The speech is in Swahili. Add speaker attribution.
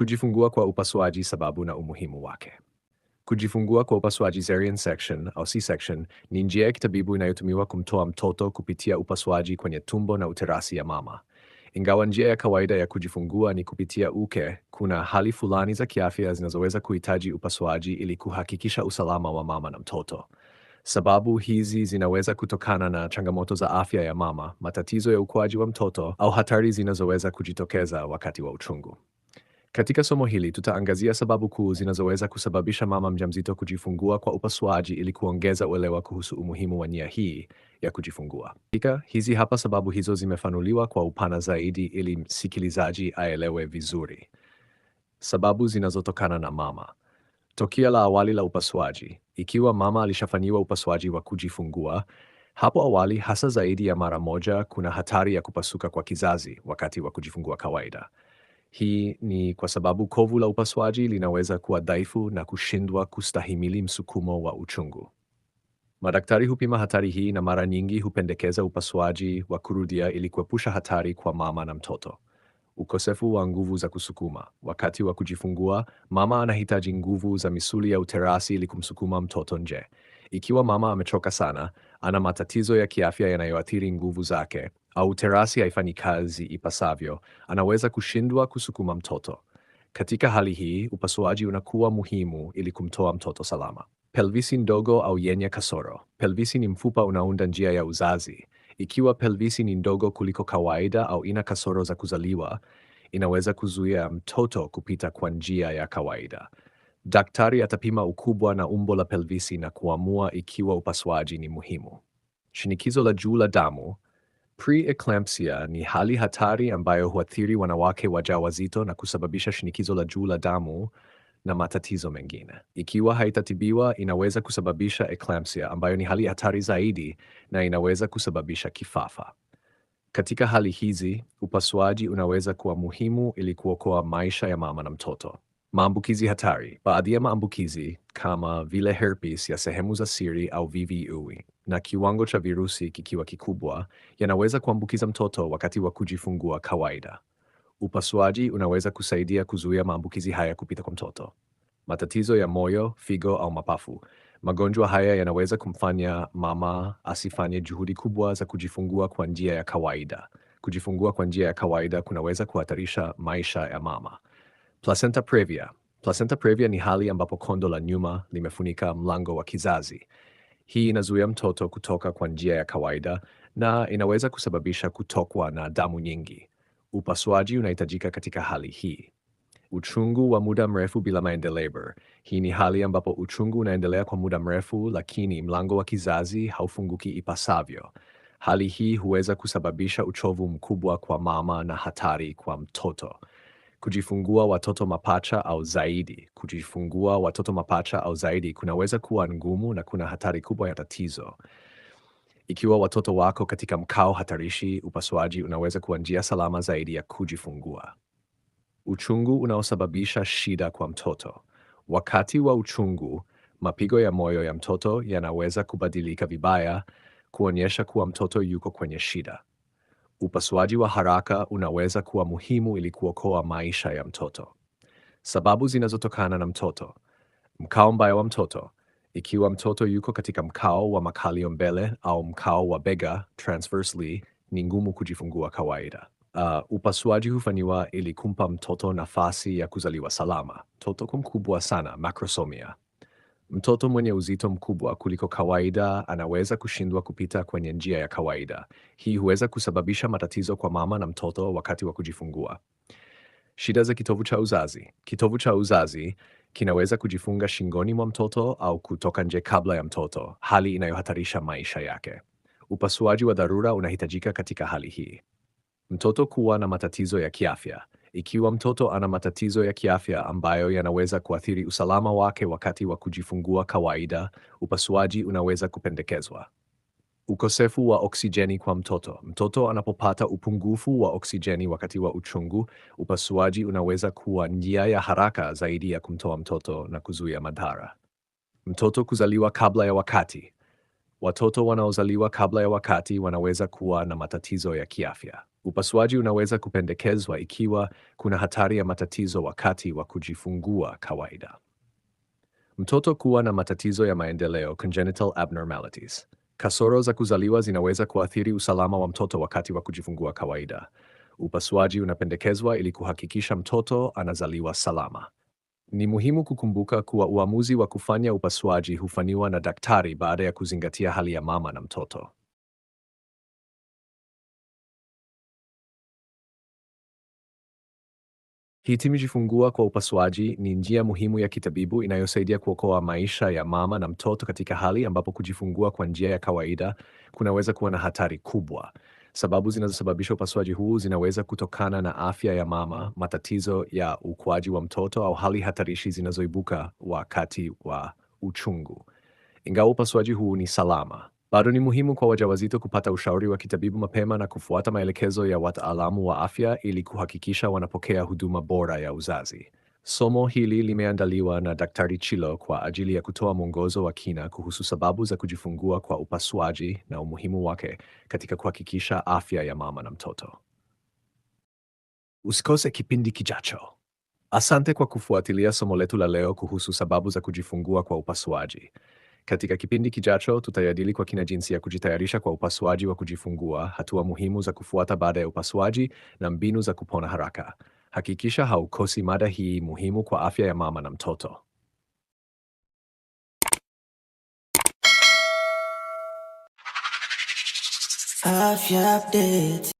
Speaker 1: Kujifungua kwa upasuaji: sababu na umuhimu wake. Kujifungua kwa upasuaji cesarean section au C-section ni njia ya kitabibu inayotumiwa kumtoa mtoto kupitia upasuaji kwenye tumbo na uterasi ya mama. Ingawa njia ya kawaida ya kujifungua ni kupitia uke, kuna hali fulani za kiafya zinazoweza kuhitaji upasuaji ili kuhakikisha usalama wa mama na mtoto. Sababu hizi zinaweza kutokana na changamoto za afya ya mama, matatizo ya ukuaji wa mtoto, au hatari zinazoweza kujitokeza wakati wa uchungu. Katika somo hili tutaangazia sababu kuu zinazoweza kusababisha mama mjamzito kujifungua kwa upasuaji ili kuongeza uelewa kuhusu umuhimu wa nia hii ya kujifungua. Katika hizi hapa sababu hizo zimefanuliwa kwa upana zaidi ili msikilizaji aelewe vizuri. Sababu zinazotokana na mama. Tokio la awali la upasuaji. Ikiwa mama alishafanyiwa upasuaji wa kujifungua hapo awali, hasa zaidi ya mara moja, kuna hatari ya kupasuka kwa kizazi wakati wa kujifungua kawaida. Hii ni kwa sababu kovu la upasuaji linaweza kuwa dhaifu na kushindwa kustahimili msukumo wa uchungu. Madaktari hupima hatari hii na mara nyingi hupendekeza upasuaji wa kurudia ili kuepusha hatari kwa mama na mtoto. Ukosefu wa nguvu za kusukuma. Wakati wa kujifungua, mama anahitaji nguvu za misuli ya uterasi ili kumsukuma mtoto nje. Ikiwa mama amechoka sana, ana matatizo ya kiafya yanayoathiri nguvu zake, au terasi haifanyi kazi ipasavyo, anaweza kushindwa kusukuma mtoto. Katika hali hii, upasuaji unakuwa muhimu ili kumtoa mtoto salama. Pelvisi ndogo au yenye kasoro. Pelvisi ni mfupa unaunda njia ya uzazi. Ikiwa pelvisi ni ndogo kuliko kawaida au ina kasoro za kuzaliwa, inaweza kuzuia mtoto kupita kwa njia ya kawaida. Daktari atapima ukubwa na umbo la pelvisi na kuamua ikiwa upasuaji ni muhimu. Shinikizo la juu la damu Preeclampsia ni hali hatari ambayo huathiri wanawake wazito na kusababisha shinikizo la juu la damu na matatizo mengine. Ikiwa haitatibiwa, inaweza kusababisha eclampsia ambayo ni hali hatari zaidi na inaweza kusababisha kifafa. Katika hali hizi, upasuaji unaweza kuwa muhimu ili kuokoa maisha ya mama na mtoto. Maambukizi hatari: baadhi ya maambukizi kama vile herpes ya sehemu za siri au VVU e, na kiwango cha virusi kikiwa kikubwa, yanaweza kuambukiza mtoto wakati wa kujifungua kawaida. Upasuaji unaweza kusaidia kuzuia maambukizi haya kupita kwa mtoto. Matatizo ya moyo, figo au mapafu: magonjwa haya yanaweza kumfanya mama asifanye juhudi kubwa za kujifungua kwa njia ya kawaida. Kujifungua kwa njia ya kawaida kunaweza kuhatarisha maisha ya mama. Placenta previa. Placenta previa ni hali ambapo kondo la nyuma limefunika mlango wa kizazi. Hii inazuia mtoto kutoka kwa njia ya kawaida na inaweza kusababisha kutokwa na damu nyingi. Upasuaji unahitajika katika hali hii. Uchungu wa muda mrefu bila maendeleo. Hii ni hali ambapo uchungu unaendelea kwa muda mrefu, lakini mlango wa kizazi haufunguki ipasavyo. Hali hii huweza kusababisha uchovu mkubwa kwa mama na hatari kwa mtoto. Kujifungua watoto mapacha au zaidi. Kujifungua watoto mapacha au zaidi kunaweza kuwa ngumu na kuna hatari kubwa ya tatizo. Ikiwa watoto wako katika mkao hatarishi, upasuaji unaweza kuwa njia salama zaidi ya kujifungua. Uchungu unaosababisha shida kwa mtoto. Wakati wa uchungu, mapigo ya moyo ya mtoto yanaweza kubadilika vibaya, kuonyesha kuwa mtoto yuko kwenye shida upasuaji wa haraka unaweza kuwa muhimu ili kuokoa maisha ya mtoto. Sababu zinazotokana na mtoto: mkao mbaya wa mtoto. Ikiwa mtoto yuko katika mkao wa makalio mbele au mkao wa bega transversely, ni ngumu kujifungua kawaida. Uh, upasuaji hufanyiwa ili kumpa mtoto nafasi ya kuzaliwa salama. Mtoto kumkubwa sana macrosomia. Mtoto mwenye uzito mkubwa kuliko kawaida anaweza kushindwa kupita kwenye njia ya kawaida. Hii huweza kusababisha matatizo kwa mama na mtoto wakati wa kujifungua. Shida za kitovu cha uzazi. Kitovu cha uzazi kinaweza kujifunga shingoni mwa mtoto au kutoka nje kabla ya mtoto, hali inayohatarisha maisha yake. Upasuaji wa dharura unahitajika katika hali hii. Mtoto kuwa na matatizo ya kiafya. Ikiwa mtoto ana matatizo ya kiafya ambayo yanaweza kuathiri usalama wake wakati wa kujifungua kawaida, upasuaji unaweza kupendekezwa. Ukosefu wa oksijeni kwa mtoto. Mtoto anapopata upungufu wa oksijeni wakati wa uchungu, upasuaji unaweza kuwa njia ya haraka zaidi ya kumtoa mtoto na kuzuia madhara. Mtoto kuzaliwa kabla ya wakati. Watoto wanaozaliwa kabla ya wakati wanaweza kuwa na matatizo ya kiafya. Upasuaji unaweza kupendekezwa ikiwa kuna hatari ya matatizo wakati wa kujifungua kawaida. Mtoto kuwa na matatizo ya maendeleo congenital abnormalities. Kasoro za kuzaliwa zinaweza kuathiri usalama wa mtoto wakati wa kujifungua kawaida. Upasuaji unapendekezwa ili kuhakikisha mtoto anazaliwa salama. Ni muhimu kukumbuka kuwa uamuzi wa kufanya upasuaji hufanywa na daktari baada ya kuzingatia hali ya mama na mtoto. fungua kwa upasuaji ni njia muhimu ya kitabibu inayosaidia kuokoa maisha ya mama na mtoto katika hali ambapo kujifungua kwa njia ya kawaida kunaweza kuwa na hatari kubwa. Sababu zinazosababisha upasuaji huu zinaweza kutokana na afya ya mama, matatizo ya ukuaji wa mtoto au hali hatarishi zinazoibuka wakati wa uchungu. Ingawa upasuaji huu ni salama, bado ni muhimu kwa wajawazito kupata ushauri wa kitabibu mapema na kufuata maelekezo ya wataalamu wa afya ili kuhakikisha wanapokea huduma bora ya uzazi. Somo hili limeandaliwa na Daktari Chilo kwa ajili ya kutoa mwongozo wa kina kuhusu sababu za kujifungua kwa upasuaji na umuhimu wake katika kuhakikisha afya ya mama na mtoto. Usikose kipindi kijacho. Asante kwa kufuatilia somo letu la leo kuhusu sababu za kujifungua kwa upasuaji. Katika kipindi kijacho tutajadili kwa kina jinsi ya kujitayarisha kwa upasuaji wa kujifungua, hatua muhimu za kufuata baada ya upasuaji na mbinu za kupona haraka hakikisha haukosi mada hii muhimu kwa afya ya mama na mtoto. Afya update.